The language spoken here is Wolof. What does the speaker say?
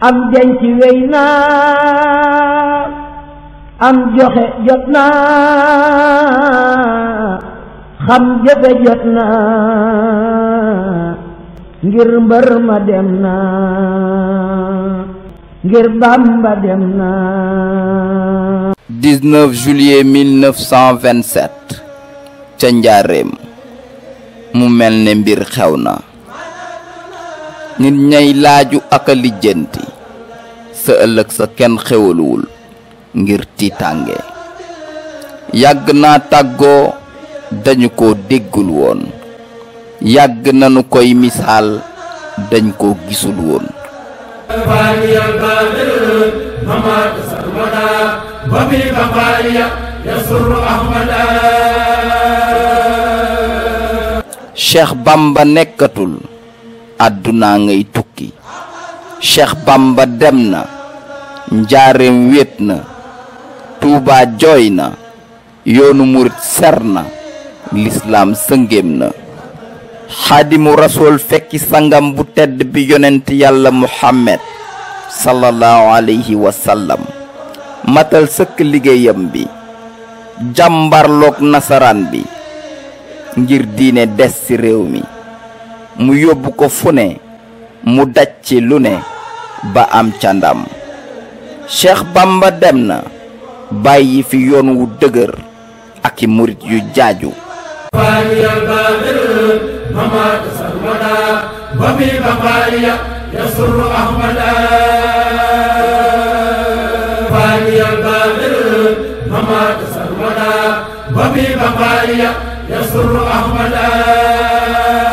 am denc wey naa am joxe jot naa xam jëfe jot naa ngir mbër ma dem naa ngir Bàmba dem naa 19 juillet 1927 ca njaareem mu mel ne mbir xew na nit ñay laaju ak a lijjanti sa ëllëg sa kenn xewaluwul ngir tiitaange yàgg naa tàggoo dañu ko déggul yàgg nañu koy misaal dañ ko gisul woon cheikh bamba nekkatul àdduna ngay tukki cheikh bamba dem na njaareem wéet na tuubaa jooy na yoonu murit ser na lislaam sëngéem na xaadimu rasool fekki sangam bu tedd bi yonent yàlla muhammad sallallahu alayhi wa sallam matal sëkk liggéeyam bi jàmbarloog nasaraan bi ngir diine des ci réew mi mu yóbbu ko fu ne mu daj ci lu ne ba am ca ndam Cheikh Bamba dem na bàyyi fi yoon wu dëgër ak i murit yu jaaju وفي بقائي يسر أحمدا